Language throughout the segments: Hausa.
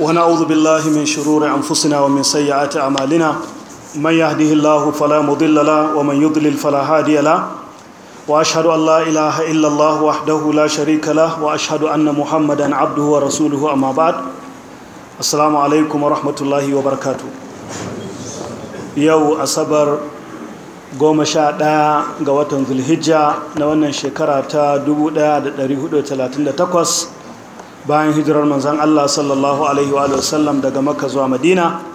ونعوذ بالله من شرور أنفسنا ومن سيئات أعمالنا من يهده الله فلا مضل له ومن يضلل فلا هادي له وأشهد أن لا إله إلا الله وحده لا شريك له وأشهد أن محمدا عبده ورسوله أما بعد السلام عليكم ورحمة الله وبركاته يو أصبر goma sha ɗaya ga watan zulhijja na wannan shekara ta 1438 bayan hijirar manzan Allah sallallahu alaihi wasallam daga makka zuwa madina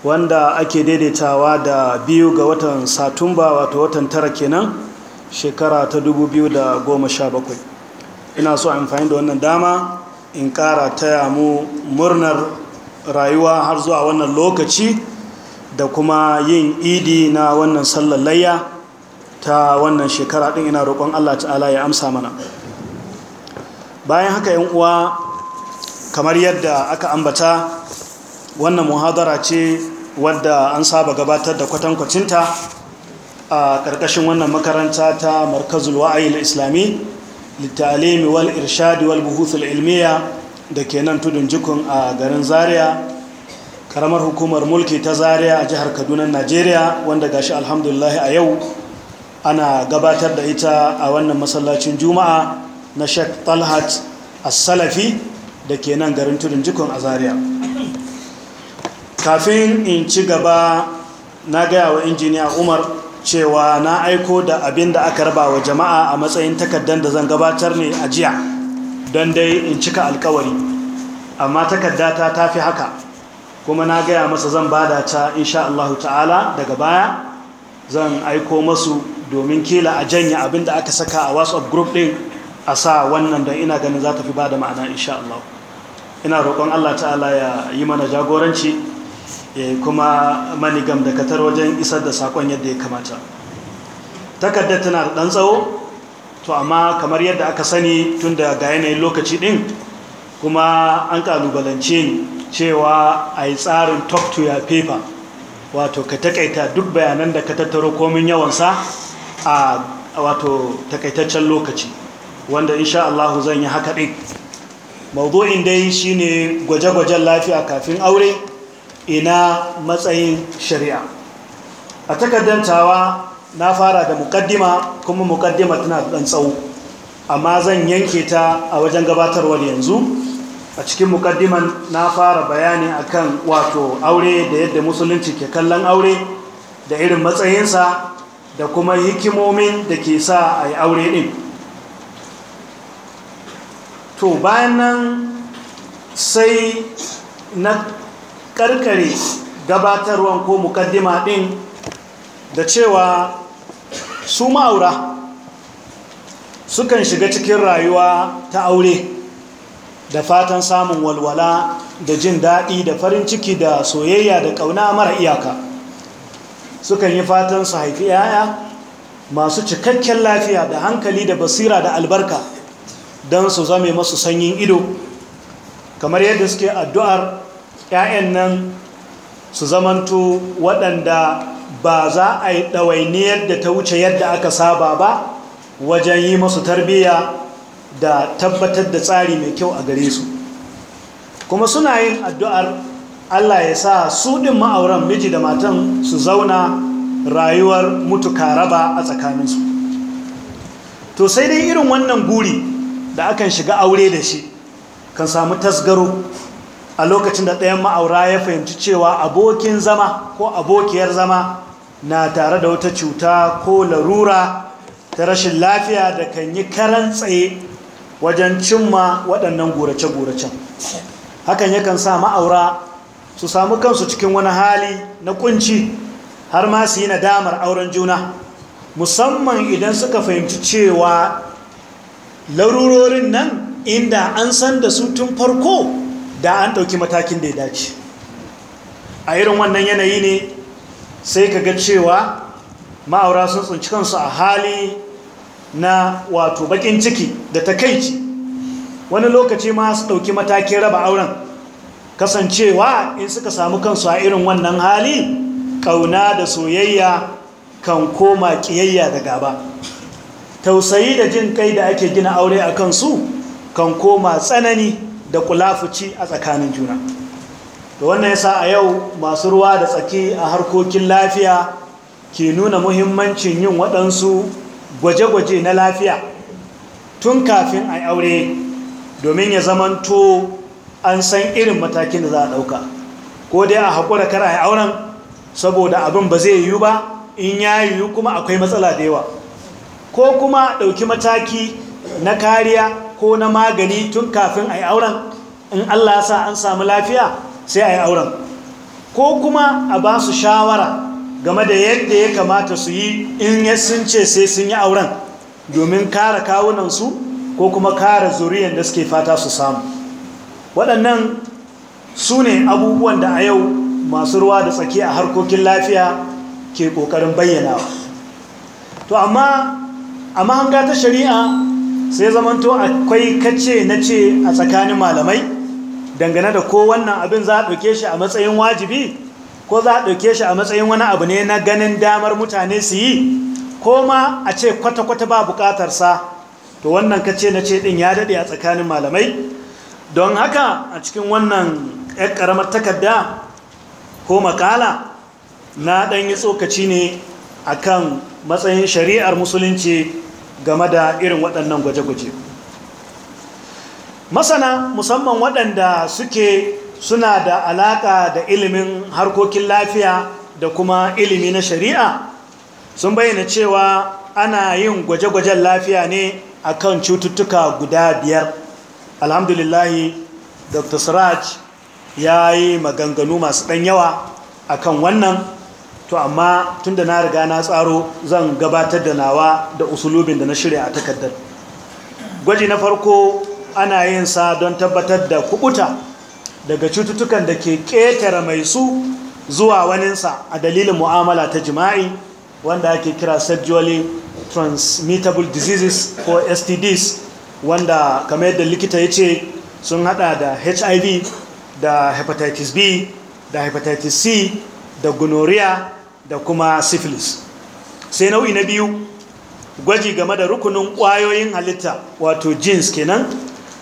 wanda ake daidaitawa da biyu ga watan satumba wato watan tara kenan shekara ta 2017 ina so amfani da wannan dama in kara taya mu murnar rayuwa har zuwa wannan lokaci da kuma yin idi na wannan sallallayya ta wannan shekara ɗin ina roƙon Allah ta'ala ya amsa mana bayan haka yan uwa kamar yadda aka ambata wannan muhadara ce wadda an saba gabatar da kwatankwacinta a ƙarƙashin wannan makaranta ta markazul wa'ayi islami littalimi wal irshadi wal buhuthul ilmiya da ke nan tudun jikun a garin zaria karamar hukumar mulki ta zaria a jihar kaduna najeriya wanda gashi alhamdulillah a yau ana gabatar da ita a wannan masallacin juma'a na sheik talhat as-salafi da ke nan garin tudun jikon azariya kafin in ci gaba na gaya wa injiniya umar cewa na aiko da abin da aka raba wa jama'a a matsayin takardar da zan gabatar ne a jiya don dai in cika alkawari amma takaddata ta fi haka kuma na gaya masa zan bada ta insha Allah ta'ala daga baya zan aiko masu domin kila a janya abin da aka saka a whatsapp group din a sa wannan don ina ganin za ta fi ba da ma'ana insha Allah ina roƙon Allah ta'ala ya yi mana jagoranci ya kuma manigam da katar wajen isar da saƙon yadda ya kamata takardar tana da ɗan tsawo to amma kamar yadda aka sani tun da ga yanayin lokaci ɗin kuma an ƙalubalance cewa a yi tsarin talk to your paper wato ka takaita duk bayanan da ka tattaro komin yawansa a wato takaitaccen lokaci wanda insha Allah zan yi haka ɗin mawdu'in dai shine gwaje-gwajen lafiya kafin aure ina matsayin shari'a a tawa na fara da mukaddima kuma mukaddima tana da tsawo amma zan yanke ta a wajen gabatarwar yanzu a cikin mukaddiman na fara bayani akan wato aure da yadda musulunci ke kallon aure da irin matsayinsa da kuma hikimomin da ke sa a yi aure ɗin to bayan nan sai na karkare gabatarwan ko mukaddima din da cewa su ma'aura sukan shiga cikin rayuwa ta aure da fatan samun walwala da jin daɗi da farin ciki da soyayya da ƙauna mara iyaka sukan yi fatan su haifi 'ya'ya masu cikakken lafiya da hankali da basira da albarka don su zame masu sanyin ido kamar yadda suke addu'ar ‘ya'yan nan su zamantu waɗanda ba za a yi ɗawainiyar da ta wuce yadda aka saba ba wajen yi masu tarbiyya da tabbatar da tsari mai kyau a gare su kuma suna yin addu'ar allah ya sa su ɗin ma'auran miji da matan su zauna rayuwar mutu karaba a tsakaninsu to sai dai irin wannan guri da akan shiga aure da shi kan samu tasgaro a lokacin da ɗayan ma'aura ya fahimci cewa abokin zama ko abokiyar zama na tare da wata cuta ko larura ta rashin lafiya da kan yi karan tsaye wajen cimma waɗannan gurace-guracen hakan yakan sa ma'aura su samu kansu cikin wani hali na kunci har ma su yi nadamar auren juna musamman idan suka fahimci cewa larurorin nan inda an san da su tun farko da an ɗauki matakin da ya dace a irin wannan yanayi ne sai ka ga cewa ma'aura sun tsunci kansu a hali na wato bakin ciki da takaici wani lokaci ma su ɗauki matakin raba auren kasancewa in suka samu kansu a irin wannan hali ƙauna da soyayya kan koma ƙiyayya da gaba tausayi da jin kai da ake gina aure a kansu kan koma tsanani da kulafuci a tsakanin juna da wannan yasa a yau masu ruwa da tsaki a harkokin lafiya ke nuna muhimmancin yin waɗansu gwaje-gwaje na lafiya tun kafin a aure domin ya to an san irin matakin da za a ɗauka ko dai a haƙura kar a auren saboda abin ba zai yiwu ba in ya yiwu kuma akwai matsala da yawa ko kuma ɗauki mataki na kariya ko na magani tun kafin a yi auren in Allah sa an samu lafiya sai a yi auren ko kuma a ba su shawara game da yadda ya kamata su yi in ya sun ce sai sun yi auren domin kare kawunansu ko kuma kara zuriyar da suke fata su samu waɗannan su ne abubuwan da a yau masu ruwa da tsaki a harkokin lafiya ke ƙoƙarin bayyanawa to amma a mahanga ta shari'a sai zamanto akwai kace na ce a tsakanin malamai dangane da ko wannan abin za a ɗauke shi a matsayin wajibi ko za a ɗauke shi a matsayin wani abu ne na ganin damar mutane su yi ko ma a ce kwata-kwata ba sa to wannan kace na ce ɗin ya daɗe a tsakanin malamai don haka a cikin wannan yar ƙaramar takarda ko makala na ɗan yi tsokaci ne akan matsayin shari'ar musulunci game da irin waɗannan gwaje-gwaje masana musamman waɗanda suke suna da alaƙa da ilimin harkokin lafiya da kuma ilimi na shari'a sun bayyana cewa ana yin gwaje-gwajen lafiya ne akan cututtuka guda biyar alhamdulillahi dr siraj ya yi maganganu masu ɗan yawa akan wannan to amma tunda na riga na tsaro zan gabatar da nawa da usulubin da na shirya a takardar gwaji na farko ana yin sa don tabbatar da kubuta daga cututtukan da ke ƙetare mai su zuwa waninsa a dalilin mu'amala ta jima'i wanda ake kira sexually transmittable diseases ko stds wanda kamar yadda likita ya ce sun hada da hiv da hepatitis b da hepatitis c da gonorrhea da kuma syphilis sai nau'i na biyu gwaji game da rukunin ƙwayoyin halitta wato genes kenan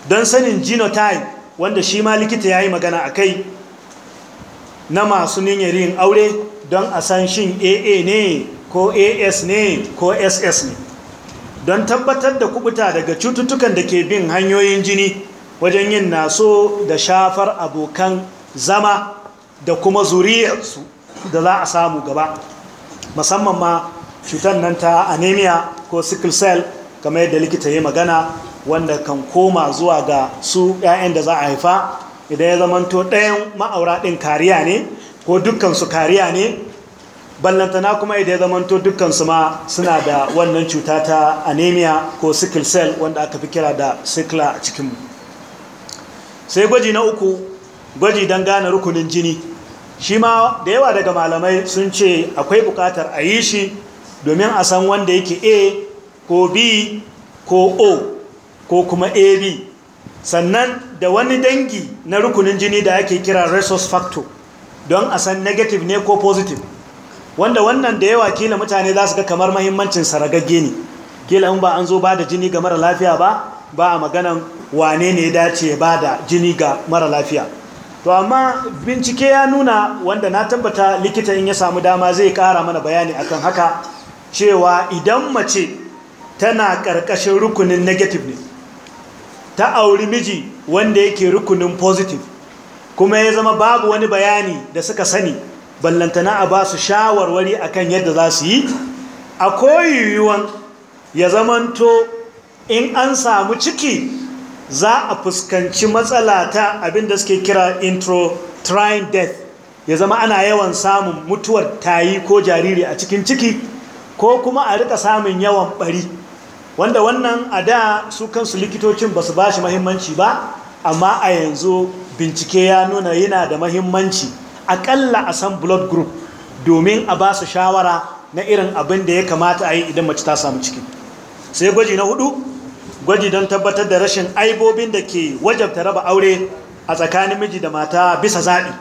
don sanin genotype wanda shi ma likita ya yi magana a kai na masu niyyar yin aure don a san shin aa ne ko as ne ko ss ne don tabbatar da kubuta daga cututtukan da ke bin hanyoyin jini wajen yin naso da shafar abokan zama da kuma zuriyarsu da za a samu gaba musamman ma cutar nan ta anemia ko sickle cell kamar yadda likita ya magana wanda kan koma zuwa ga su 'ya'yan da za a haifa idan ya zamanto ɗayan ma'aura ɗin kariya ne ko dukkansu kariya ne ballantana kuma idan ya zamanto dukkansu ma suna da wannan cuta ta anemia ko sickle cell wanda aka fi kira da sickle a cikinmu sai gwaji na uku gwaji don gane rukunin jini shi ma da yawa daga malamai sun ce akwai bukatar a yi shi domin a san wanda yake a ko b ko o ko kuma ab sannan da wani dangi na rukunin jini da ake kira resource factor don a san negative ne ko positive wanda wannan da yawa kila mutane za su ga kamar mahimmancin saragagge ne kila in ba an zo ba da jini ga mara lafiya ba ba a maganan wane ne dace ba da jini ga mara lafiya to amma bincike ya nuna wanda na tabbata likita in ya samu dama zai kara mana bayani akan haka cewa idan mace tana karkashin rukunin negative ne ta auri miji wanda yake rukunin positive kuma ya zama babu wani bayani da suka sani ballantana a ba su shawarwari akan yadda za su yi a koyi yiwuwan ya zamanto in an samu ciki za a fuskanci matsala ta abinda suke kira intra-trying death ya zama ana yawan samun mutuwar tayi ko jariri a cikin ciki ko kuma a rika samun yawan bari wanda wannan a da su kansu likitocin ba su ba shi mahimmanci ba amma a yanzu bincike ya nuna yana da mahimmanci akalla a san blood group domin a ba su shawara na irin abin da ya kamata a yi idan mace ta samu ciki sai gwaji na hudu gwaji don tabbatar da rashin aibobin da ke wajabta raba aure a tsakanin miji da mata bisa zaɓi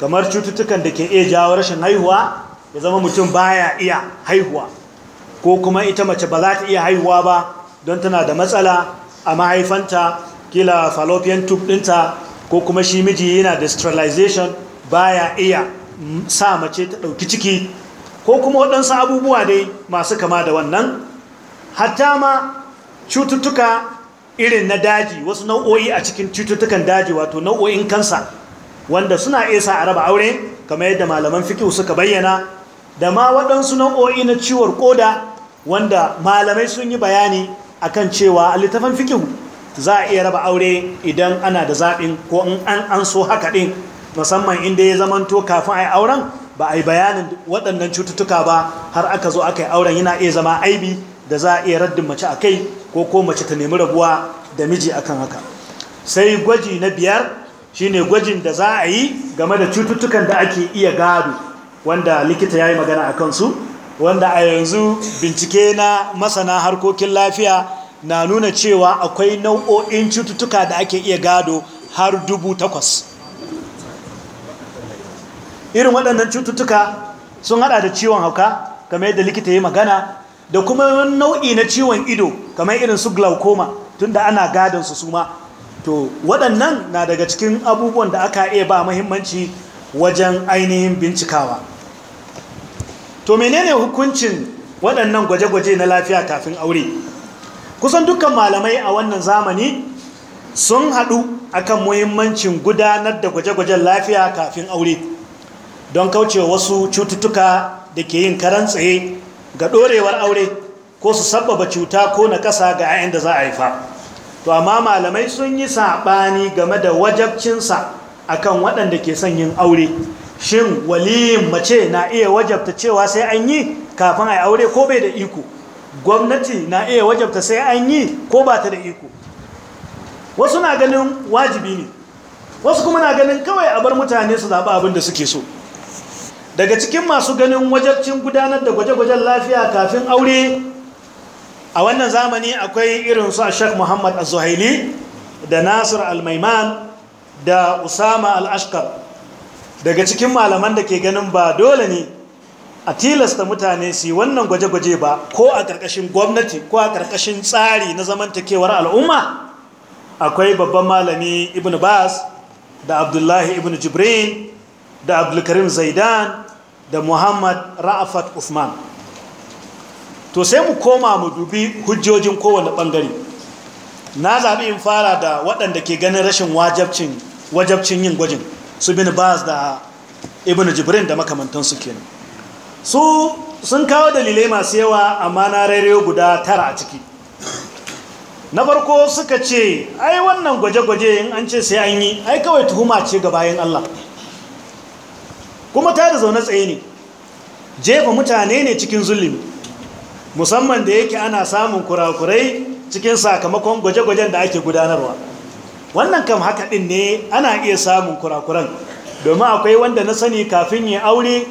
kamar cututtukan da ke iya jawo rashin haihuwa ya zama mutum baya iya haihuwa ko kuma ita mace ba za ta iya haihuwa ba don tana da matsala a mahaifanta kila fallopian tube ɗinta ko kuma shi miji yana da sterilization baya iya sa mace ta ɗauki ciki ko kuma waɗansu abubuwa dai masu kama da wannan hatta ma cututtuka irin na daji wasu nau'o'i a cikin cututtukan daji wato nau'o'in kansa wanda suna isa a raba aure kamar yadda malaman fikihu suka bayyana da ma waɗansu nau'o'i na ciwon koda wanda malamai sun yi bayani akan cewa a littafin fikihu za a iya raba aure idan ana da zaɓin ko in an an so haka ɗin musamman inda ya zamanto kafin a yi auren ba a yi bayanin waɗannan cututtuka ba har aka zo aka yi auren yana iya zama aibi da za a iya raddin mace a kai ko ko mace ta nemi rabuwa da miji akan haka sai gwaji na biyar shine gwajin da za a yi game da cututtukan da ake iya gado wanda likita ya yi magana a kansu wanda a yanzu bincike na masana harkokin lafiya na nuna cewa akwai nau'o'in cututtuka da ake iya gado har dubu takwas irin waɗannan cututtuka sun hada da ciwon hauka game da likita ya magana da kuma nau'i na ciwon ido kamar irin su glaucoma tunda ana gadon su suma to waɗannan na daga cikin abubuwan da aka iya ba mahimmanci wajen ainihin bincikawa to menene hukuncin waɗannan gwaje-gwaje na lafiya kafin aure kusan dukkan malamai a wannan zamani sun haɗu akan muhimmancin gudanar da gwaje-gwajen lafiya kafin aure don kaucewa wasu cututtuka da ke yin karan tsaye ga ɗorewar aure ko su sabbaba cuta ko na ƙasa ga 'ya'yan da za a haifa to amma malamai sun yi saɓani game da wajabcinsa akan waɗanda ke son yin aure shin waliyin mace na iya wajabta cewa sai an yi kafin a aure ko bai da iko gwamnati na iya wajabta sai an yi ko ba ta da iko wasu na ganin wajibi ne wasu kuma na ganin kawai a bar mutane su zaɓi abin da suke so daga cikin masu ganin wajabcin gudanar da gwaje-gwajen lafiya kafin aure a wannan zamani akwai irin su a Sheikh Muhammad Az-Zuhaili da Nasir Al-Maiman da Usama Al-Ashqar daga cikin malaman da ke ganin ba dole ne a tilasta mutane su wannan gwaje-gwaje ba ko a ƙarƙashin gwamnati ko a ƙarƙashin tsari na zamantakewar al'umma akwai babban malami Ibn Bas da Abdullahi Ibn Jibrin da Abdulkarim Zaidan da Muhammad Ra'afat Uthman to sai mu koma mu dubi hujjojin kowane bangare. na zaɓi in fara da waɗanda ke ganin rashin wajabcin yin gwajin su bin bas da ibn jibrin da makamantansu ke su sun kawo dalilai masu yawa amma na rairayo guda tara a ciki na farko suka ce ai wannan gwaje-gwaje in an ce sai an yi ai kawai tuhuma ce ga bayan allah kuma ta da zaune tsaye ne jefa mutane ne cikin zulumi musamman da yake ana samun kurakurai cikin sakamakon gwaje-gwajen da ake gudanarwa wannan kam haka din ne ana iya samun kurakuran domin akwai wanda na sani kafin ya aure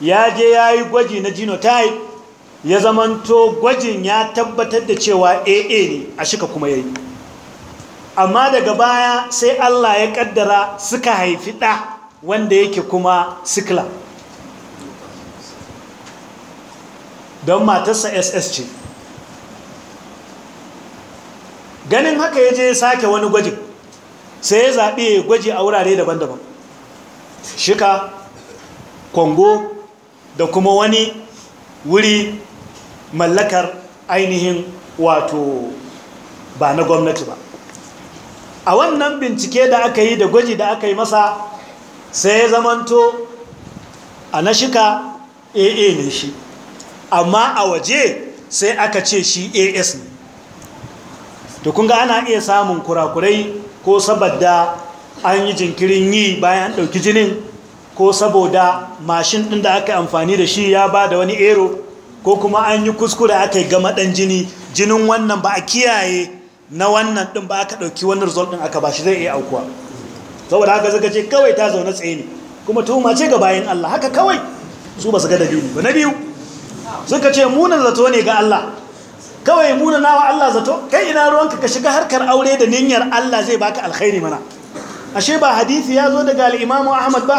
ya je ya yi gwaji na genotype ya zamanto gwajin ya tabbatar da cewa aa ne a shika kuma ya yi amma daga baya sai allah ya kaddara suka haifi ɗa wanda yake kuma sikla don matarsa ss ce ganin haka ya je sake wani gwaji sai ya zaɓi gwaji a wurare daban-daban shika kongo da kuma wani wuri mallakar ainihin wato ba na gwamnati ba a wannan bincike da aka yi da gwaji da aka yi masa sai ya zamanto a na shika aa ne shi amma a waje sai aka ce shi as ne to kunga ana iya samun kurakurai ko saboda an yi jinkirin yi bayan an ɗauki jinin ko saboda mashin ɗin da aka amfani da shi ya ba da wani ero ko kuma an yi kuskure aka yi gama ɗan jini jinin wannan ba a kiyaye na wannan ɗin ba aka ɗauki wani result ɗin aka ba shi zai iya aukuwa saboda haka zaka ce kawai ta zaune tsaye ne kuma tuhuma ce ga bayan Allah haka kawai su ba su ga dalili ba na biyu suka ce munan zato ne ga Allah kawai muna nawa Allah zato kai ina ruwanka ka shiga harkar aure da niyyar Allah zai baka alkhairi mana ashe ba hadisi ya zo daga al-Imam Ahmad ba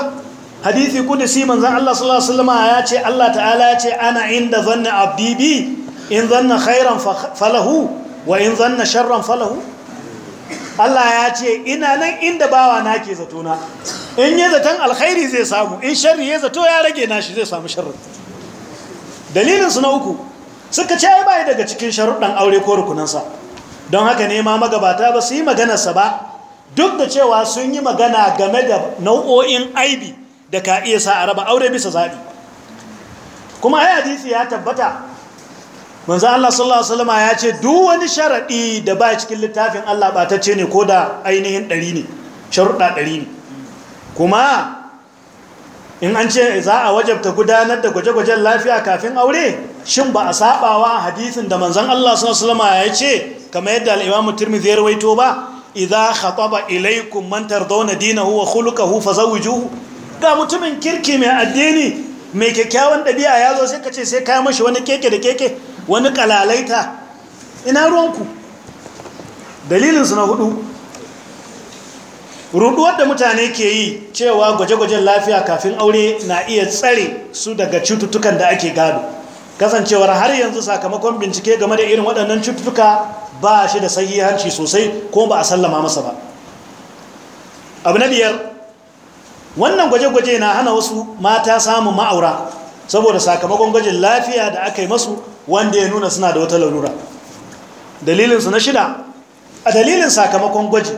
hadisi kudusi manzon Allah sallallahu alaihi wasallam ya ce Allah ta'ala ya ce ana inda zanna abdi bi in zanna khairan falahu wa in zanna sharran falahu Allah ya ce ina nan inda bawa nake zato na in yi zaton alkhairi zai samu in sharri ya zato ya rage nashi zai samu sharri dalilinsu na uku suka ce ai yi daga cikin sharuɗan aure ko rukunansa don haka ne ma magabata ba su yi maganarsa ba duk da cewa sun yi magana game da nau'o'in aibi da ka iya sa a raba aure bisa zaɓi kuma ai hadisi ya tabbata manzan Allah sallallahu alaihi wasallama ya ce duk wani sharaɗi da ba cikin littafin Allah ba ta ce ne ko da ainihin ɗari ne sharuɗa ɗari ne kuma in an ce za a wajabta gudanar da gwaje-gwajen lafiya kafin aure shin ba a sabawa hadisin da manzan Allah sallallahu alaihi ya ce kamar yadda al-Imam Tirmidhi ya rawaito ba idza khataba ilaykum man tardawna dinahu wa khuluquhu fazawwijuhu ga mutumin kirki mai addini mai kyakkyawan dabi'a yazo sai kace sai kai mashi wani keke da keke wani kalalaita ina ruwanku dalilin na hudu ruduwar da mutane ke yi cewa gwaje-gwajen lafiya kafin aure na iya tsare su daga cututtukan da ake gado kasancewar har yanzu sakamakon bincike game da irin waɗannan cututtuka ba shi da sahihanci sosai ko ba a sallama masa ba abu na biyar wannan gwaje-gwaje na hana wasu mata samun ma'aura saboda sakamakon gwajin lafiya da aka yi masu wanda ya nuna suna da wata larura dalilinsu na shida a dalilin sakamakon gwaji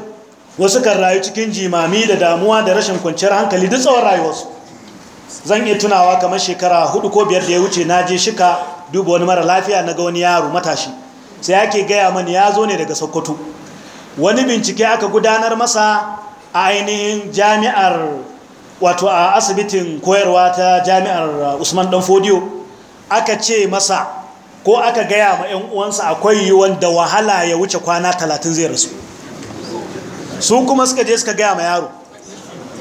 wasu kan rayu cikin jimami da damuwa da rashin kwanciyar hankali duk tsawon rayuwarsu zan iya tunawa kamar shekara hudu ko biyar da ya wuce na je shika duba wani mara lafiya na ga wani yaro matashi sai ake gaya mani ya zo ne daga sokoto wani bincike aka gudanar masa a ainihin jami'ar wato a asibitin koyarwa ta jami'ar usman dan fodiyo aka ce masa ko aka gaya ma 'yan uwansa akwai yiwuwan da wahala ya wuce kwana talatin zai rasu su kuma suka je suka gaya ma yaro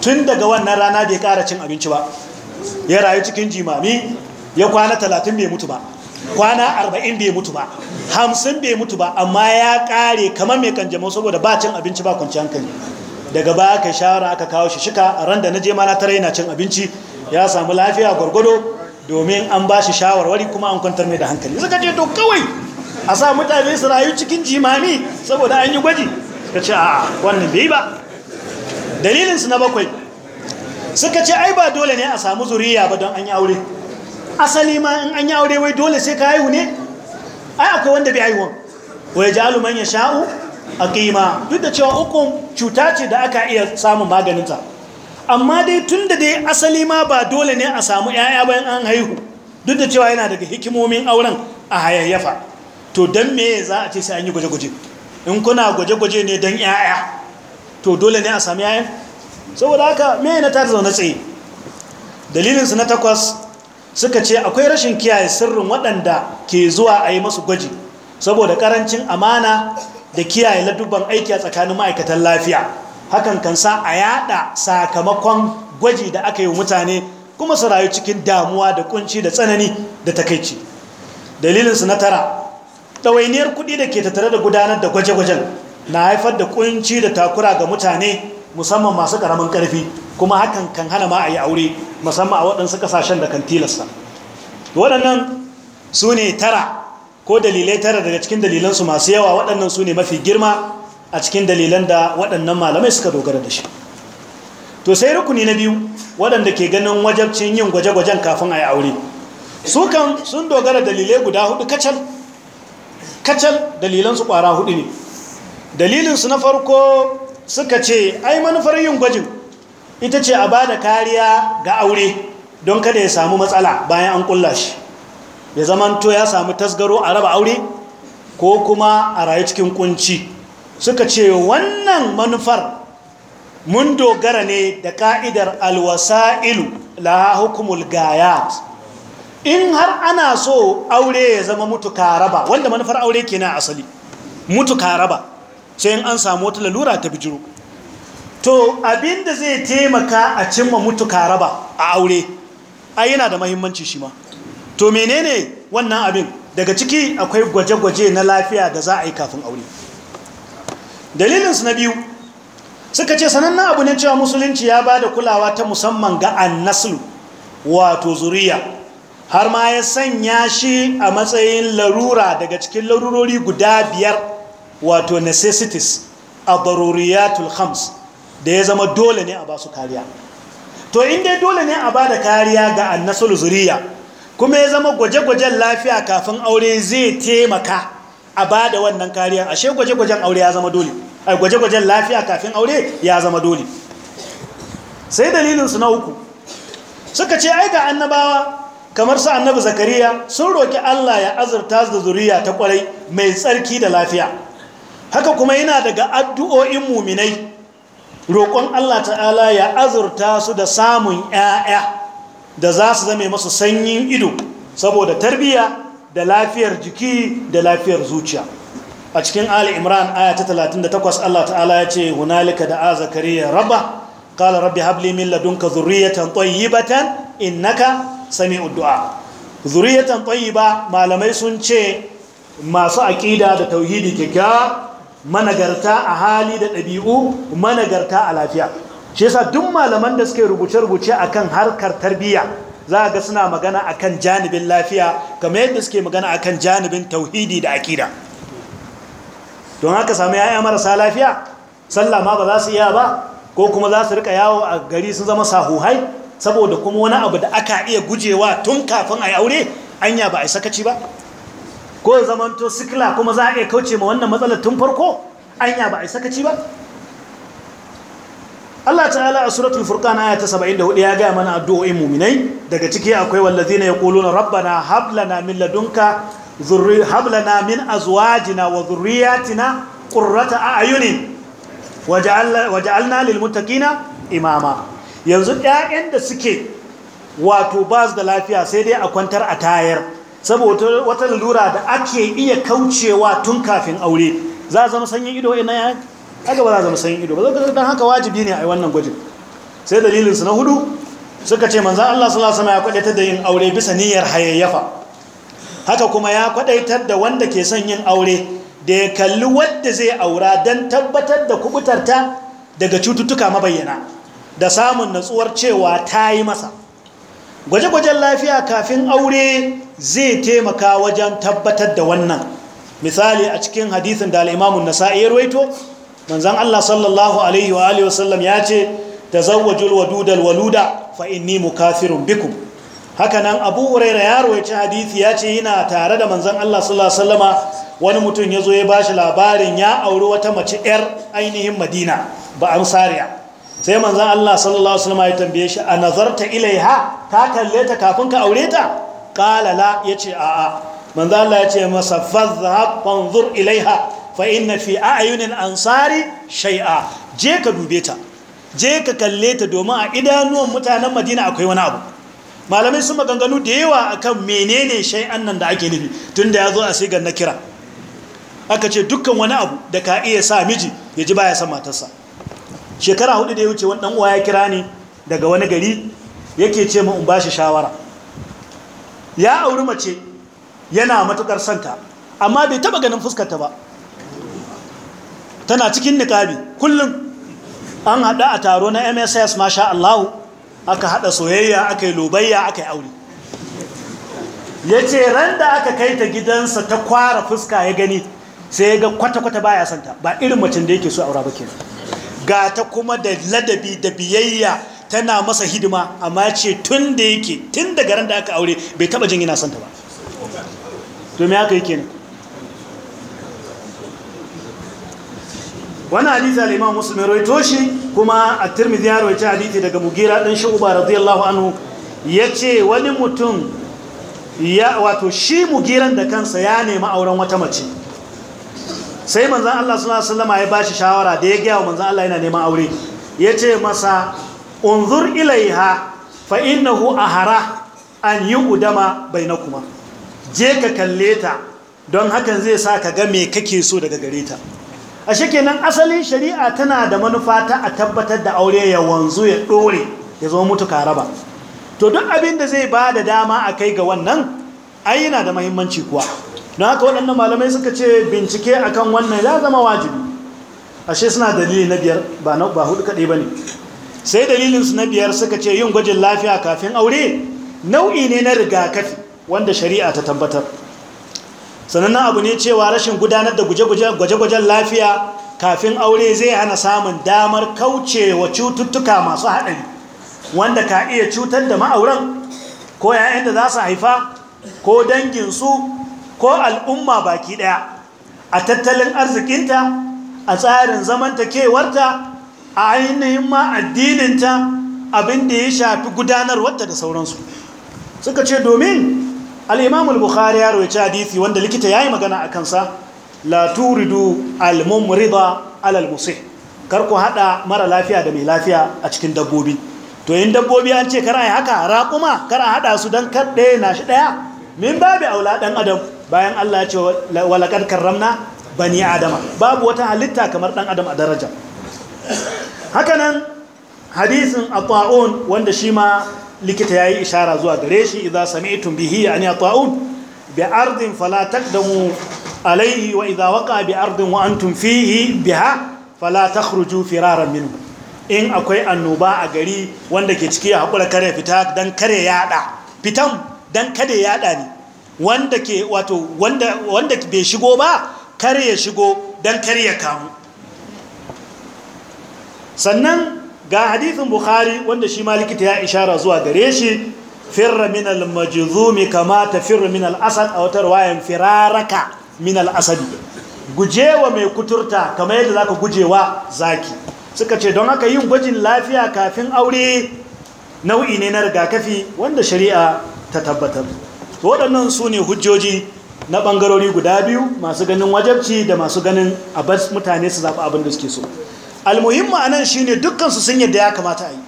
tun daga wannan rana bai kara cin abinci ba ya rayu cikin jimami ya kwana talatin bai mutu ba kwana arba'in bai mutu ba hamsin bai mutu ba amma ya kare kamar mai kanjamau saboda ba cin abinci ba kwanci hankali daga ba aka shawara aka kawo shi shika a ran da na je ma na yana cin abinci ya samu lafiya gwargwado domin an ba shi shawarwari kuma an kwantar mai da hankali suka je to kawai a sa mutane su rayu cikin jimami saboda an yi gwaji Suka ce a wannan bai ba dalilinsu na bakwai suka ce ai ba dole ne a samu zuriya ba don an yi aure asali ma in an yi aure wai dole sai ka haihu ne ai akwai wanda bai haihuwan wai ji aluman ya sha'u a kima duk da cewa ukun cuta ce da aka iya samun maganinta amma dai tun da dai asali ma ba dole ne a samu 'ya'ya bayan an haihu duk da cewa yana daga hikimomin auren a hayayyafa to don me za a ce sai an yi gwaje-gwaje in kuna gwaje-gwaje ne don 'ya'ya to dole ne a sami 'ya'yan saboda haka mai na ta zaune tsaye dalilinsu na takwas suka ce akwai rashin kiyaye sirrin waɗanda ke zuwa a yi masu gwaji saboda ƙarancin amana da kiyaye ladubban aiki a tsakanin ma'aikatan lafiya hakan kan sa a yada sakamakon gwaji da aka yi wa mutane kuma su rayu cikin damuwa da kunci da tsanani da takaici dalilinsu na tara ɗawainiyar kuɗi da ke tattare da gudanar da gwaje-gwajen na haifar da ƙunci da takura ga mutane musamman masu ƙaramin ƙarfi kuma hakan kan hana ma a yi aure musamman a waɗansu ƙasashen da kan tilasta waɗannan su ne tara ko dalilai tara daga cikin dalilansu masu yawa waɗannan su ne mafi girma a cikin dalilan da waɗannan malamai suka dogara da shi to sai rukuni na biyu waɗanda ke ganin wajabcin yin gwaje-gwajen kafin a yi aure su kan sun dogara dalilai guda hudu kacal kacal dalilansu kwara hudu ne dalilinsu na farko suka ce ai manufar yin gwajin ita ce a ba da kariya ga aure don kada ya samu matsala bayan an kulla shi ya zamanto ya samu tasgaro a raba aure ko kuma a rayu cikin kunci suka ce wannan manufar mun dogara ne da ka'idar alwasa'ilu la hukumul gayat in har ana so aure ya zama mutuka raba wanda manufar aure ke kenan asali mutuka raba sai in an samu wata lalura ta bijiro to abinda zai taimaka a cimma mutuka raba a aure ai yana da mahimmanci shi ma to menene wannan abin daga ciki akwai gwaje-gwaje na lafiya da za a yi kafin aure dalilinsu na biyu suka ce sanannen abu ne cewa musulunci ya ba da kulawa ta musamman ga annaslu wato zuriya har ma ya sanya shi a matsayin larura daga cikin larurori guda biyar wato necessities a daruriyatul khams da ya zama dole ne a ba su kariya to inda dole ne a ba da kariya ga annasul zuriya kuma ya zama gwaje-gwajen lafiya kafin aure zai taimaka a ba da wannan kariya ashe gwaje-gwajen aure ya zama dole ai gwaje-gwajen lafiya kafin aure ya zama dole sai dalilinsu na uku suka ce ai ga annabawa kamar su annabi zakariya sun roki Allah ya azurta da zuriya ta kwarai mai tsarki da lafiya haka kuma yana daga addu'o'in muminai roƙon Allah ta'ala ya azurta su da samun ‘ya'ya da za su zame masu sanyin ido saboda tarbiyya da lafiyar jiki da lafiyar zuciya a cikin ali imran aya ta 38 Allah ta'ala ya ce hunalika da a zakariya rabba rabbi habli min ladunka dhurriyatan tayyibatan innaka sami'ud du'a zuriyatan tayyiba malamai sun ce masu aƙida da tauhidi kyakkyawa managarta a hali da ɗabi'u managarta a lafiya shi yasa duk malaman da suke rubuce-rubuce akan harkar tarbiyya za ga suna magana akan janibin lafiya kamar yadda suke magana akan janibin tauhidi da aƙida don haka sami ya'ya marasa lafiya sallama ba za su iya ba ko kuma za su rika yawo a gari sun zama sahuhai saboda kuma wani abu da aka iya gujewa tun kafin a yi aure anya ba a yi sakaci ba ko zamanto sikila kuma za a iya kauce ma wannan matsalar tun farko anya ba a yi sakaci ba Allah ta'ala a suratul furqan aya ta 74 ya ga mana addu'o'in mu'minai daga ciki akwai wallazina yaquluna rabbana hab lana min ladunka dhurri hab lana min azwajina wa dhurriyyatina qurrata a'yunin waj'alna lil muttaqina imama yanzu ɗayan da suke wato ba su da lafiya sai dai a kwantar a tayar saboda wata lura da ake iya kaucewa tun kafin aure za a zama sanyin ido ina ya aga ba za a zama sanyin ido ba don haka wajibi ne a yi wannan gwajin sai dalilinsu na hudu suka ce manzan Allah su lasa ya kwadaitar da yin aure bisa niyyar hayayyafa haka kuma ya kwadaitar da wanda ke son yin aure da ya kalli wadda zai aura don tabbatar da kubutarta daga cututtuka mabayyana da samun natsuwar cewa ta yi masa gwaje-gwajen lafiya kafin aure zai taimaka wajen tabbatar da wannan misali a cikin hadisin da al'imamun nasa'i Waito, manzan Allah sallallahu alaihi wa alihi wasallam ya ce ta zawajul wadudal waluda fa inni mukafirun bikum hakanan abu uraira ya ruwaici hadisi ya ce yana tare da manzan Allah sallallahu wani mutum ya zo ya bashi labarin ya auri wata mace 'yar ainihin madina ba Sariya. sai manzan Allah sallallahu Alaihi ya tambaye shi a nazarta ilaiha ta kalle ta kafin ka aure ta kalala ya ce a'a manzan Allah ya ce masa fazza fanzur ilaiha fa inna fi ayunin ansari shai'a je ka dube ta je ka kalle ta domin a idanuwan mutanen madina akwai wani abu malamai sun maganganu da yawa akan menene shai'an nan da ake nufi tun da ya zo a sigar na kira aka ce dukkan wani abu da ka iya sa miji ya ji baya san matarsa shekara hudu da ya wuce wani dan uwa ya kira ni daga wani gari yake ce mu in bashi shawara ya auri mace yana matukar santa amma bai taba ganin fuskarta ba tana cikin niqabi kullum an hada a taro na MSS masha Allah aka hada soyayya aka yi lobayya aka yi aure yace ran da aka kai ta gidansa ta kwara fuska ya gani sai ya ga kwata-kwata baya santa ba irin macin da yake so aura ba kenan ga ta kuma da ladabi da biyayya tana masa hidima amma ce tun da yake tun da garin da aka aure bai taba jin yana santa ba domin haka yake ne wani hadisi al'imam musulmi roito toshi kuma a turmi ya roita hadisi daga mugira ɗin shi'uba radiyallahu anhu ya ce wani mutum ya wato shi mugiran da kansa ya nemi auren wata mace sai manzan Allah suna sallama ya bashi shawara da ya gaya wa manzan Allah yana neman aure Ya ce masa unzur ilaiha fa a hara, an bai na kuma. je ka kalle ta don hakan zai sa ka ga me kake so daga gare ta ashe kenan asalin shari'a tana da manufa ta a tabbatar da aure ya wanzu ya ɗore, ya zama mutu raba. to duk abin da zai ba da dama a kai ga wannan ai yana da mahimmanci kuwa na haka waɗannan malamai suka ce bincike akan wannan ya zama wajibi ashe suna dalili na biyar ba na hudu kaɗai ba ne sai dalilinsu na biyar suka ce yin gwajin lafiya kafin aure nau'i ne na rigakafi wanda shari'a ta tabbatar sanannen abu ne cewa rashin gudanar da gwaje-gwajen lafiya kafin aure zai hana samun damar kaucewa cututtuka masu haɗari wanda ka iya cutar da ma'auran ko 'ya'yan da za su haifa ko dangin su. ko al'umma baki ɗaya a tattalin arzikinta a tsarin zamantakewarta a ainihin ma addininta abin ya shafi gudanarwarta da sauransu suka ce domin al bukhari ya roci hadisi wanda likita ya yi magana a kansa la turidu al riba al kar ku hada mara lafiya da mai lafiya a cikin dabbobi to yin dabbobi an ce kara yi haka raƙuma kara a hada su don kar ɗaya na shi ɗaya min babu aula ɗan adam bayan Allah ya ce walakar karramna bani adama babu wata halitta kamar dan adam a daraja hakanan hadisin ata'un wanda shi ma likita yayi ishara zuwa gare shi idza sami'tum bihi yani ata'un bi ardin fala taqdamu alayhi wa idza waqa bi ardin wa antum fihi biha fala takhruju firaran minhu in akwai annoba a gari wanda ke ciki a hakura kare fita dan kare yada fitan dan kare yada ne wanda ke wato wanda wanda bai shigo ba kar ya shigo don kar ya kamu sannan ga hadithin bukhari wanda shi ma likita ya ishara zuwa gare shi firra min al-majzumi kama tafirru min al-asad aw tarwayan firaraka min al-asad gujewa mai kuturta kamar yadda zaka gujewa zaki suka ce don haka yin gwajin lafiya kafin aure nau'i ne na rigakafi wanda shari'a ta tabbatar waɗannan su ne hujjoji na ɓangarori guda biyu masu ganin wajabci da masu ganin abin mutane su zaɓi abin da suke so almuhimma a nan shi ne dukkansu sun yadda ya kamata a yi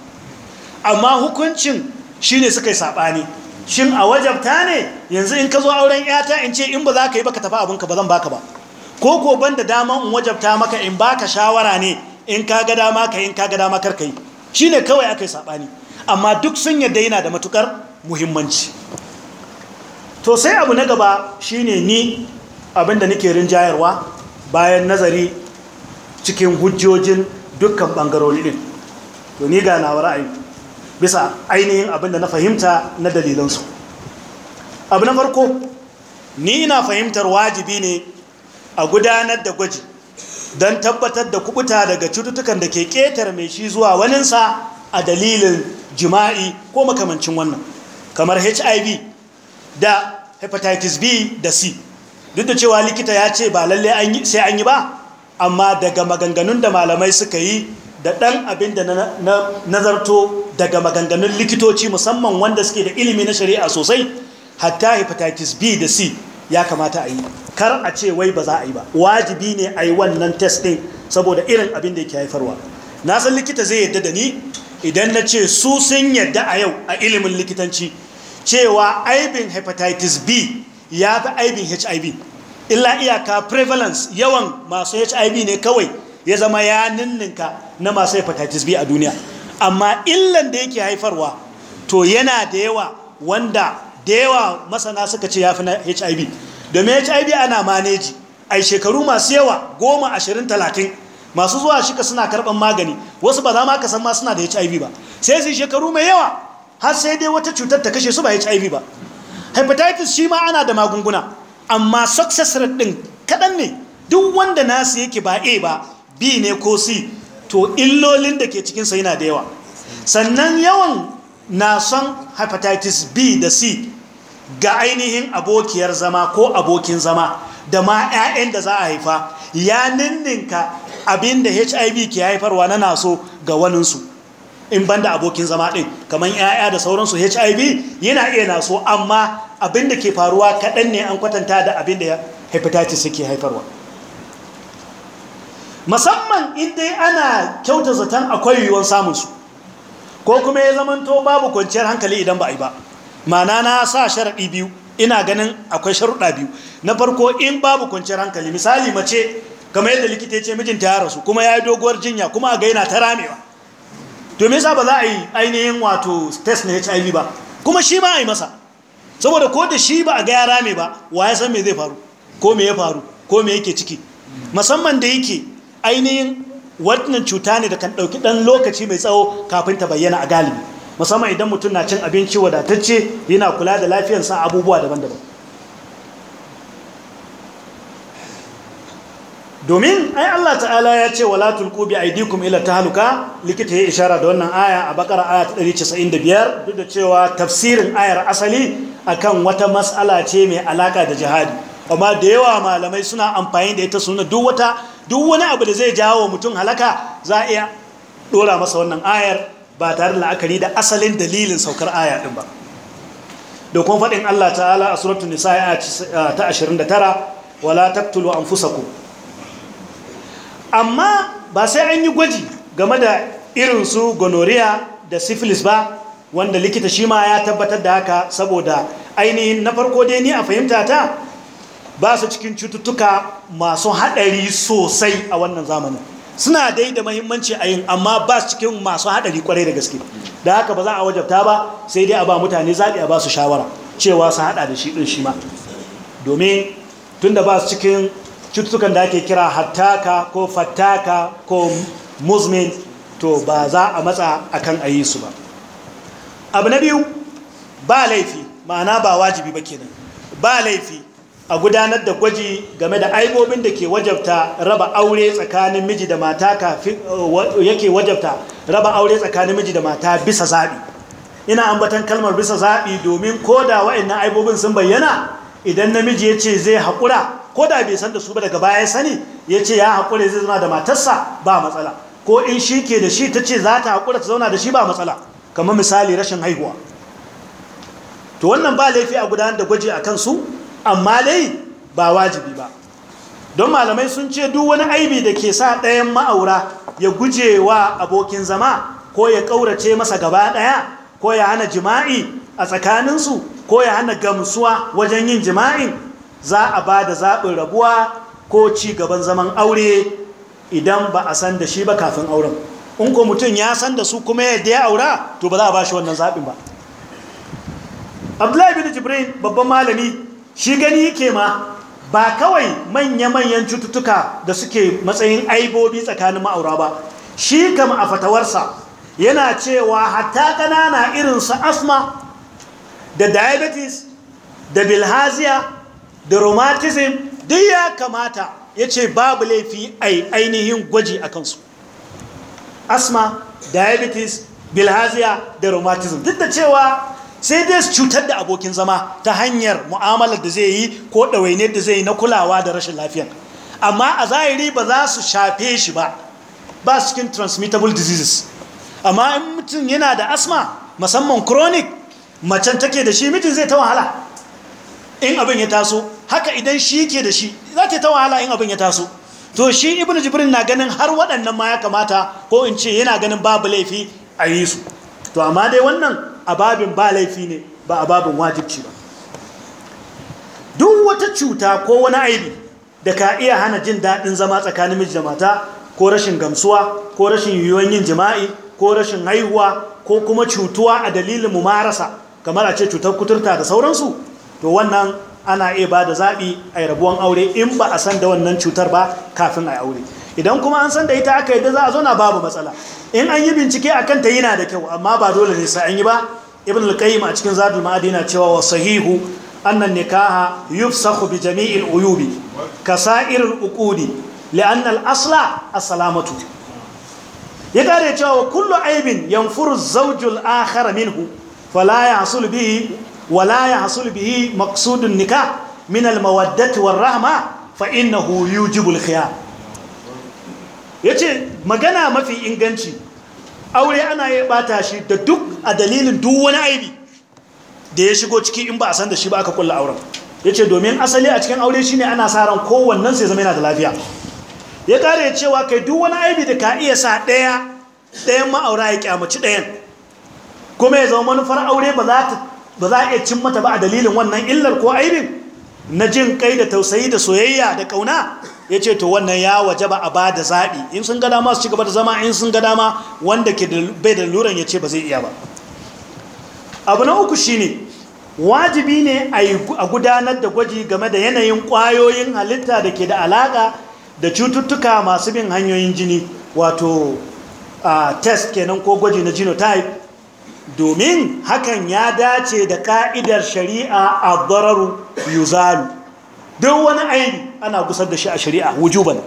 amma hukuncin shi ne suka yi saɓani shin a wajabta ne yanzu in ka zo auren yata in ce in ba za ka yi ba ka tafi abinka ba zan baka ba ko ko ban da dama in wajabta maka in baka shawara ne in ka ga dama ka in ka ga dama kar ka yi shi ne kawai aka yi saɓani amma duk sun yadda yana da matukar muhimmanci to sai abu na gaba shine ni abinda nake rinjayarwa bayan nazari cikin hujjojin dukkan bangarori din to ni ga na ra'ayi bisa ainihin abinda na fahimta na dalilansu abu na farko ni ina fahimtar wajibi ne a gudanar da gwaji don tabbatar da kubuta daga cututtukan da ke ƙetare mai shi zuwa waninsa a dalilin jima'i ko makamancin wannan kamar hiv da hepatitis b da c duk da cewa likita ya ce ba lalle sai an yi ba amma daga maganganun da malamai suka yi da dan abin da na nazarto daga maganganun likitoci musamman wanda suke da ilimi na shari'a sosai hatta hepatitis b da c ya kamata a yi kar a ce wai ba za a yi ba wajibi ne a yi wannan test ɗin saboda irin abin da yake haifarwa na san likita zai yadda da ni idan na ce su sun yadda a yau a ilimin likitanci cewa aibin hepatitis b ya fi aibin hiv illa iyaka prevalence yawan masu hiv ne kawai ya zama ya ninninka na masu hepatitis b a duniya amma illan da yake haifarwa to yana da yawa wanda da yawa masana suka ce ya fi na hiv domin hiv ana maneji a shekaru masu yawa goma ashirin talatin masu zuwa shika suna karɓar magani wasu ba za ma ka san ma suna da hiv ba sai su shekaru mai yawa har sai dai wata cutar ta kashe su ba HIV ba hepatitis shi ma ana da magunguna amma success rate din kadan ne duk wanda nasu yake ba A ba B ne ko C to illolin da ke cikin sa yana da yawa sannan yawan na son hepatitis B da C ga ainihin abokiyar zama ko abokin zama da ma 'ya'yan da za a haifa ya ninninka abin hiv ke haifarwa na naso ga waninsu in banda abokin zama ɗin kamar yaya da sauransu hiv yana iya naso amma abin da ke faruwa kaɗan ne an kwatanta da abin da ya hepatitis suke haifarwa musamman inda ana kyauta zaton akwai yiwuwar samunsu ko kuma ya zamanto babu kwanciyar hankali idan ba a yi ba mana na sa sharaɗi biyu ina ganin akwai sharuɗa biyu na farko in babu kwanciyar hankali misali mace kamar yadda likita ya ce mijinta ya rasu kuma ya yi doguwar jinya kuma a gaina ta ramewa domin me ba za a yi ainihin wato test na HIV ba kuma shi ma a yi masa saboda ko da shi ba a ga yara mai ba wa ya san me zai faru ko me ya faru ko me yake ciki musamman da yake ainihin wannan cuta ne da kan ɗauki ɗan lokaci mai tsawo kafin ta bayyana a galibi musamman idan mutum na cin abinci wadatacce yana kula da lafiyar sa abubuwa daban-daban domin ai Allah ta'ala ya ce wala tulqu bi aydikum ila tahluka likita ya ishara da wannan aya a bakara aya ta 195 duk da cewa tafsirin ayar asali akan wata mas'ala ce mai alaka da jihadi amma da yawa malamai suna amfani da ita suna duk wata duk wani abu da zai jawo mutum halaka za a iya dora masa wannan ayar ba tare da la'akari da asalin dalilin saukar aya din ba da kuma faɗin Allah ta'ala a suratul nisa ta 29 wala taqtulu anfusakum amma ba sai an yi gwaji game da irin su gonorrhea da syphilis ba wanda likita shi ma ya tabbatar da haka saboda ainihin na farko dai ni a fahimta ta ba su cikin cututtuka masu haɗari sosai a wannan zamanin suna dai da mahimmanci a yin amma ba su cikin masu haɗari kwarai da gaske da haka ba za a wajabta ba sai dai a ba mutane zaɓi a ba su shawara cewa su haɗa da shi ɗin shi ma domin tun da ba su cikin cututtukan da ake kira hattaka ko fattaka ko muzmin to ba za a matsa akan a yi su ba abu na biyu ba laifi ma'ana ba wajibi ba kenan ba laifi a gudanar da gwaji game da aibobin da ke wajabta raba aure tsakanin miji da mata uh, yake wajabta raba aure tsakanin miji da mata bisa zaɓi ina ambatan kalmar bisa zaɓi domin ko da na aibobin sun bayyana idan namiji ya ce zai haƙura ko da bai san da su ba daga baya sani ya ce ya haƙure zai zama da matarsa ba matsala ko in shi ke da shi ta ce za ta haƙura ta zauna da shi ba matsala kamar misali rashin haihuwa to wannan ba laifi a gudanar da gwaji a kansu amma dai ba wajibi ba don malamai sun ce duk wani aibi da ke sa ɗayan ma'aura ya guje wa abokin zama ko ya ƙaurace masa gaba ɗaya ko ya hana jima'i a tsakaninsu ko ya hana gamsuwa wajen yin jima'in za a ba da zaɓin rabuwa ko ci gaban zaman aure idan ba a san da shi ba kafin auren in ko mutum ya san da su kuma yadda ya aura to ba za a ba shi wannan zaɓin ba abdullahi bin jibrin babban malami shi gani yake ma ba kawai manya-manyan cututtuka da suke matsayin aibobi tsakanin ma'aura ba shi kam a fatawarsa yana cewa hatta ƙanana irinsa asma da diabetes da bilhaziya da romantism duk ya kamata ya ce babu laifi ainihin gwaji a kansu asma diabetes bilhaziya da rheumatism duk da cewa sai dai su cutar da abokin zama ta hanyar mu'amalar da zai yi ko ɗawainiyar da zai yi na kulawa da rashin lafiya amma a zahiri ba za su shafe shi ba ba su cikin transmittable diseases amma in mutum yana da asma musamman chronic macen take da shi mutum zai ta wahala in abin ya taso haka idan shi ke da shi za ta ta wahala in abin ya taso to shi Ibn jibrin na ganin har waɗannan ma ya kamata ko in ce yana ganin babu laifi a yi su to amma dai wannan ababin ba laifi ne ba ababin wajibci ba duk wata cuta ko wani aibi da ka iya hana jin daɗin zama tsakanin miji da mata ko rashin gamsuwa ko rashin yiwuwan yin jima'i ko rashin haihuwa ko kuma cutuwa a dalilin mumarasa kamar a ce cutar kuturta da sauransu to wannan ana iya ba da zaɓi a rabuwan aure in ba a san da wannan cutar ba kafin a aure idan kuma an san da ita aka yadda za a zauna babu matsala in an yi bincike a kanta yana da kyau amma ba dole ne sa an yi ba ibn al a cikin zadul ma'adi na cewa wa sahihu annan nikaha yufsahu bi jami'il uyubi kasa'ir sa'iril uqudi li'an al-asla as-salamatu ya kare cewa kullu aibin yanfuru zawjul akhar minhu fala yahsul bihi wala ya hasul bihi nika minal min almawaddati war rahma fa innahu yujibu alkhiyar yace magana mafi inganci aure ana yi bata shi da duk a dalilin duk wani aibi da ya shigo ciki in ba a san da shi ba aka kulla auren yace domin asali a cikin aure shine ana sa ran kowannen sai zama yana da lafiya ya kare cewa kai duk wani aibi da ka iya sa ɗaya ɗayan ma'aura ya kyamaci ɗayan kuma ya zama manufar aure ba za ta ba za a iya cin mata ba a dalilin wannan illar ko aibin na jin kai da tausayi da soyayya da kauna ya ce to wannan ya waje ba a ba da zaɓi in sun ga dama su da zama in sun gada ma wanda ke bai da luran ya ce ba zai iya ba abu na uku shi ne wajibi ne a gudanar da gwaji game da yanayin kwayoyin halitta da ke da alaƙa da cututtuka masu bin hanyoyin jini wato test kenan ko gwaji na genotype domin hakan ya dace da ƙa'idar shari'a a dararu yuzalu don wani aini ana gusar da shi a shari'a wujuban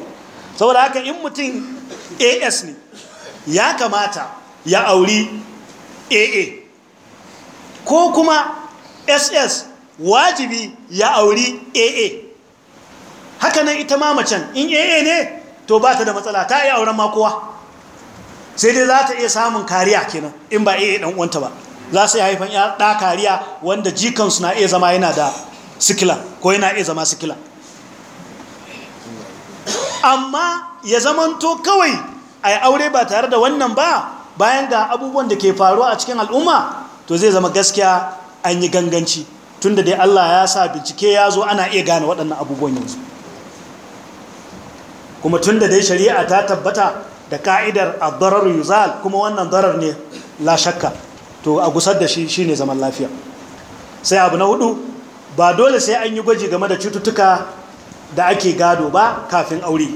saboda haka in mutum as ne ya kamata ya auri aa ko kuma ss wajibi ya auri aa haka nan ita mamacin in aa ne to ba ta da matsala ta yi auren makowa sai dai za ta iya samun kariya kenan in ba iya dan uwanta ba za su iya haifan ya da kariya wanda jikansu na iya zama yana da sikila ko yana iya zama sikila amma ya zamanto kawai a yi aure ba tare da wannan ba bayan ga abubuwan da ke faruwa a cikin al'umma to zai zama gaskiya an yi ganganci tun da dai Allah ya sa bincike ya zo ana iya gane waɗannan abubuwan yanzu kuma tun da dai shari'a ta tabbata da ka'idar addarar yuzal kuma wannan darar ne la shakka to a gusar da shi shine zaman lafiya sai abu na hudu ba dole sai an yi gwaji game da cututtuka da ake gado ba kafin aure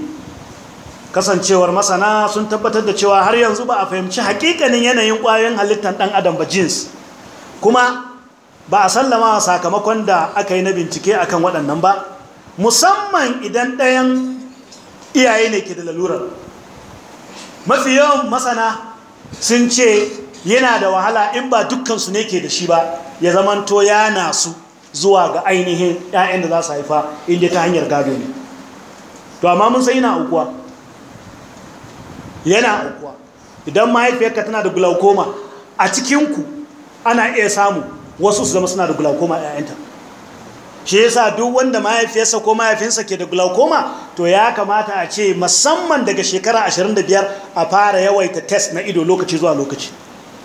kasancewar masana sun tabbatar da cewa har yanzu ba a fahimci hakikanin yanayin kwayoyin halittar ɗan adam ba jins kuma ba a sallama sakamakon da aka yi na bincike akan waɗannan ba musamman idan ɗayan iyaye ne ke da lalurar mafi yawan masana sun ce yana da wahala in ba dukkansu ne ke da shi ba ya zamanto ya su zuwa ga ainihin 'ya'yan da za su haifa inda ta hanyar gado ne to amma mun sai yana aukuwa yana aukuwa idan mahaifiyarka tana da glaucoma a cikinku ana iya samu wasu su zama suna da glaucoma 'ya'yanta shi yasa duk wanda mahaifiyarsa ko mahaifinsa ke da glaucoma to ya kamata a ce musamman daga shekara 25 a fara yawaita test na ido lokaci zuwa lokaci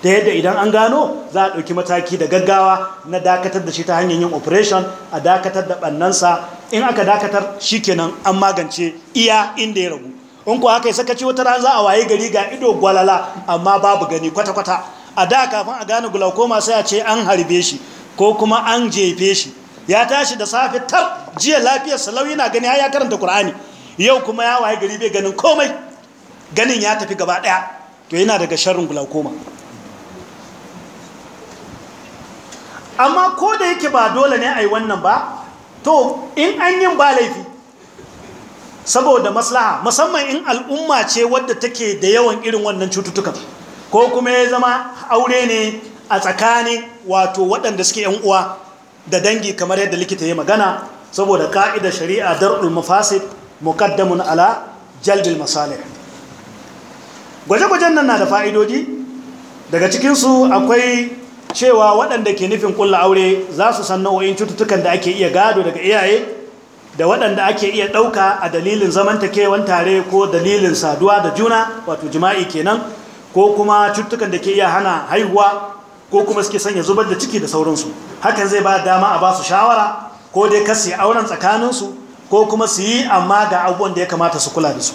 ta yadda idan an gano za a ɗauki mataki da gaggawa na dakatar da shi ta hanyar yin operation a dakatar da ɓannansa in aka dakatar shi kenan an magance iya inda ya ragu in ku haka yi sakaci wata rana za a waye gari ga ido gwalala amma babu gani kwata-kwata a da kafin a gane glaucoma sai a ce an harbe shi ko kuma an jefe shi ya tashi da safe tar jiya lafiyar salau yana gani ya karanta ƙura'ani yau kuma ya waye gari bai ganin komai ganin ya tafi gaba ɗaya to yana daga sharrin glaucoma amma ko da yake ba dole ne a yi wannan ba to in an yin ba laifi saboda maslaha musamman in al'umma ce wadda take da yawan irin wannan cututtukan ko kuma ya zama aure ne a tsakanin wato waɗanda suke 'yan uwa da dangi kamar yadda likita ya magana saboda ka'idar shari'a dar'ul mafasid muqaddamun ala jalbil masalih gwaje-gwajen nan na da fa'idodi daga cikinsu akwai cewa waɗanda ke nufin ƙulla aure za su san nau'o'in cututtukan da ake iya gado daga iyaye da waɗanda ake iya ɗauka a dalilin zamantakewan tare ko dalilin saduwa da juna wato jima'i kenan ko kuma cututtukan da ke iya hana haihuwa ko kuma suke sanya zubar da ciki da sauransu hakan zai ba dama a ba su shawara ko dai ka su auren tsakaninsu ko kuma su yi amma ga abubuwan da ya kamata su kula da su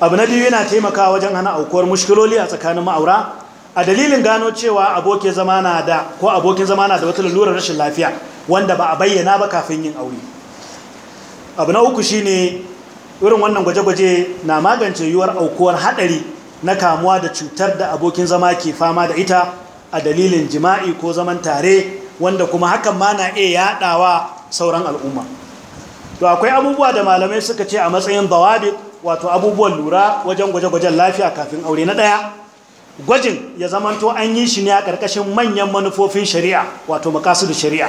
abu na biyu yana taimakawa wajen hana aukuwar mushkiloli a tsakanin ma'aura a dalilin gano cewa abokin zama na da ko abokin zama na da wata lalurar rashin lafiya wanda ba a bayyana ba kafin yin aure abu na uku shine irin wannan gwaje-gwaje na magance yiwuwar aukuwar hadari na kamuwa da cutar da abokin zama ke fama da ita a dalilin jima'i ko zaman tare wanda kuma hakan ma na iya yaɗawa sauran al'umma to akwai abubuwa da malamai suka ce a matsayin dawabi wato abubuwan lura wajen gwaje-gwajen lafiya kafin aure na ɗaya gwajin ya zamanto an yi shi ne a ƙarƙashin manyan manufofin shari'a wato makasudu shari'a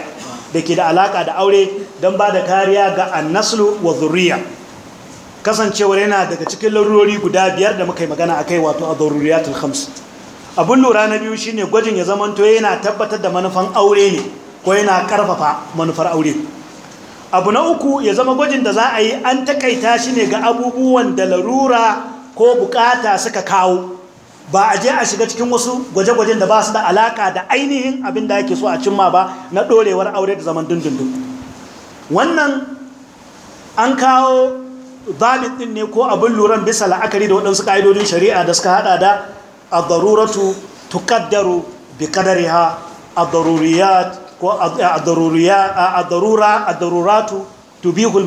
da ke da alaƙa da aure don ba da kariya ga annaslu wa zurriya kasancewar yana daga cikin larurori guda biyar da muka yi magana a kai wato a zaruriyatul hamsin. abin lura na biyu shine gwajin ya zamanto yana tabbatar da manufan aure ne ko yana karfafa manufar aure abu na uku ya zama gwajin da za a yi an takaita shi ne ga abubuwan da larura ko bukata suka kawo ba a je a shiga cikin wasu gwaje-gwajen da ba su da alaka da ainihin abin da ake so a cimma ba na dorewar aure da zaman dindindin wannan an kawo zabit din ne ko abin luran bisa la'akari da waɗansu ƙa'idodin shari'a da suka haɗa da ad-daruratu tuqaddaru bi qadariha ad ko ad-daruriyat ad tubihu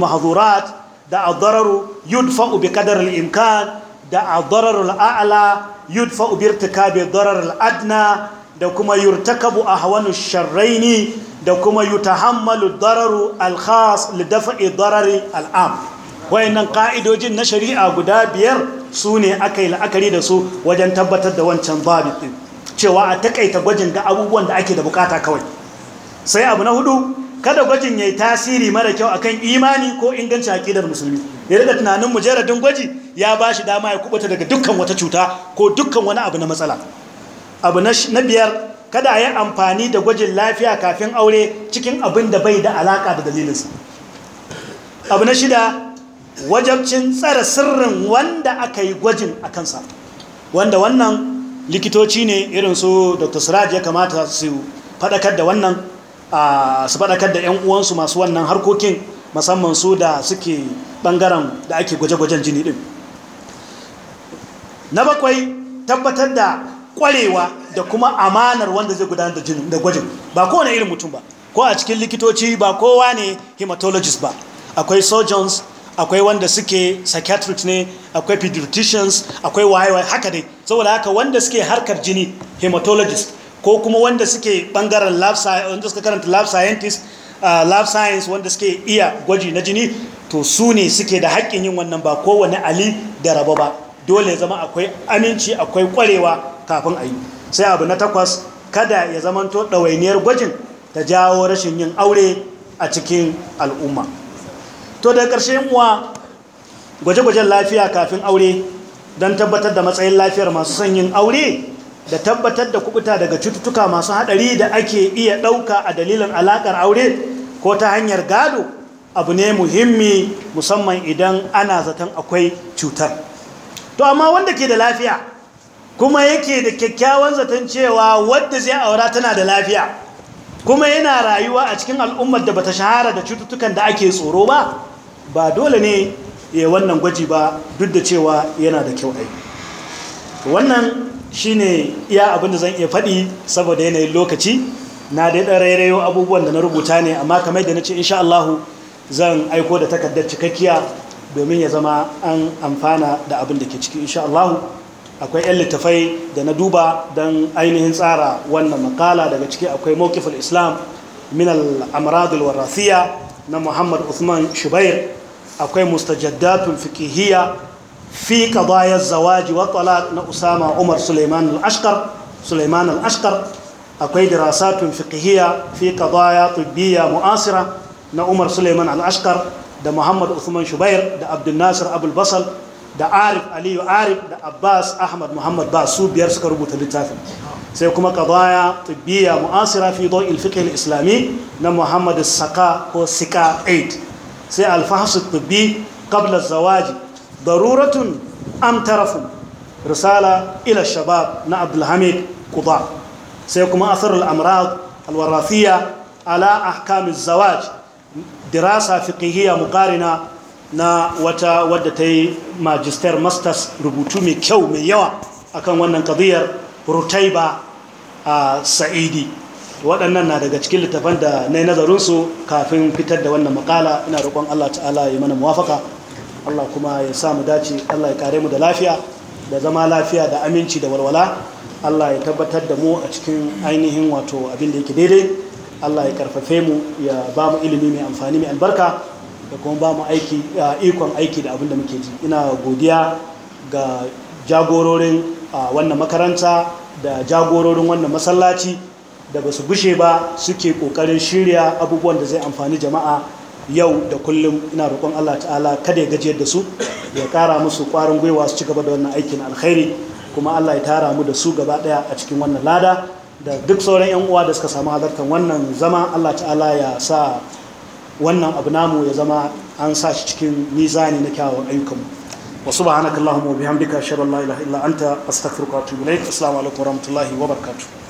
da a dararu yudfa'u bi qadari al-imkan da a dararu al-a'la yudfa'u bi irtikabi darar al-adna da kuma yurtakabu ahwanu ash-sharrayn da kuma yutahammalu ad-dararu al-khas li daf'i darari al-am wayannan ka'idojin na shari'a guda biyar su ne aka yi la'akari da su wajen tabbatar da wancan babu cewa a takaita gwajin ga abubuwan da ake da bukata kawai sai abu na hudu kada gwajin ya yi tasiri mara kyau a kan imani ko inganci aƙidar musulmi ya daga tunanin mujeradin gwaji ya ba shi dama ya kubuta daga dukkan wata cuta ko dukkan wani abu na matsala abu na biyar kada a yi amfani da gwajin lafiya kafin aure cikin abin da bai da alaƙa da dalilinsa abu na shida wajabcin tsara sirrin wanda aka yi gwajin a kansa wanda wannan likitoci ne irin su dr siraj ya kamata su faɗakar da wannan su faɗakar da 'yan uwansu masu wannan harkokin musamman su da suke ɓangaren da ake gwaje-gwajen jini ɗin na bakwai tabbatar da ƙwarewa da kuma amanar wanda zai gudanar da gwajin ba kowane irin mutum ba ko a cikin likitoci ba kowa ne hematologist ba akwai surgeons akwai wanda suke psychiatric ne akwai pediatricians akwai wayewa haka dai saboda haka wanda suke harkar jini hematologist ko kuma wanda suke bangaren lab wanda suka karanta lab scientist ah, lab science wanda suke iya gwaji na jini to su ne suke da haƙƙin yin wannan ba kowane ali da rabo ba dole ya zama akwai aminci akwai kwarewa kafin a yi sai abu na takwas kada ya zamanto ɗawainiyar gwajin ta jawo rashin yin aure a cikin al'umma to da ƙarshe muwa gwaje-gwajen lafiya kafin aure don tabbatar da matsayin lafiyar masu sanyin aure da tabbatar da kubuta daga cututtuka masu haɗari da ake iya ɗauka a dalilin alaƙar aure ko ta hanyar gado abu ne muhimmi musamman idan ana zaton akwai cutar to amma wanda ke da lafiya kuma yake da kyakkyawan zaton cewa wadda zai aura tana da lafiya kuma yana rayuwa a cikin al'ummar da bata shahara da cututtukan da ake tsoro ba ba dole ne ya wannan gwaji ba duk da cewa yana da kyau ai wannan shi ne iya abin da zan iya faɗi saboda yanayin lokaci na dai ɗan rairayo abubuwan da na rubuta ne amma kamar da na ce insha Allah zan aiko da takardar cikakkiya domin ya zama an amfana da abin da ke ciki insha Allah akwai 'yan littafai da na duba don ainihin tsara wannan makala daga ciki akwai mawkifin islam min al-amradul na muhammad usman shubair akwai mustajaddatun fiqhiyya fi qadaya zawaji wa talaq na Usama Umar Sulaiman al-Ashqar Sulaiman al-Ashqar akwai dirasatun fiqhiyya fi qadaya tibbiyya mu'asira na Umar Sulaiman al-Ashqar da Muhammad Uthman Shubair da Abdul Nasir Abul Basal da Arif Aliyu Arif da Abbas Ahmad Muhammad ba su biyar suka rubuta littafin sai kuma qadaya tibbiyya mu'asira fi dawil fiqh al-islami na Muhammad Saka ko Sika 8 sai alfahsu tibbi qabla zawaji daruratun am tarafun risala ila shabab na abdulhamid quba sai kuma asarul al-amrad al ala ahkam az-zawaj dirasa fiqhiyya muqarina na wata wadda ta yi magister masters rubutu mai kyau mai yawa akan wannan kadiyar rutaiba a sa'idi waɗannan na daga cikin littafan da na yi nazarinsu kafin fitar da wannan makala ina roƙon Allah ta'ala ya mana muwafaka Allah kuma ya sa mu dace Allah ya kare mu da lafiya da zama lafiya da aminci da walwala Allah ya tabbatar da mu a cikin ainihin wato abin da yake daidai Allah ya karfafe mu ya ba mu ilimi mai amfani mai albarka da kuma ba mu aiki ikon aiki da abin da muke ji ina godiya ga jagororin wannan makaranta da jagororin wannan masallaci da ba su bushe ba suke kokarin shirya abubuwan da zai amfani jama'a yau da kullum ina roƙon Allah ta'ala kada ya gajiyar da su ya kara musu ƙwarin gwiwa su ci gaba da wannan aikin alkhairi kuma Allah ya tara mu da su gaba ɗaya a cikin wannan lada da duk sauran 'yan uwa da suka samu halartar wannan zama Allah ta'ala ya sa wannan abu namu ya zama an sa shi cikin mizani na kyawawan mu wa subhanakallahumma wa bihamdika ashhadu an la ilaha illa anta astaghfiruka wa atubu ilaik assalamu alaikum wa rahmatullahi wa barakatuh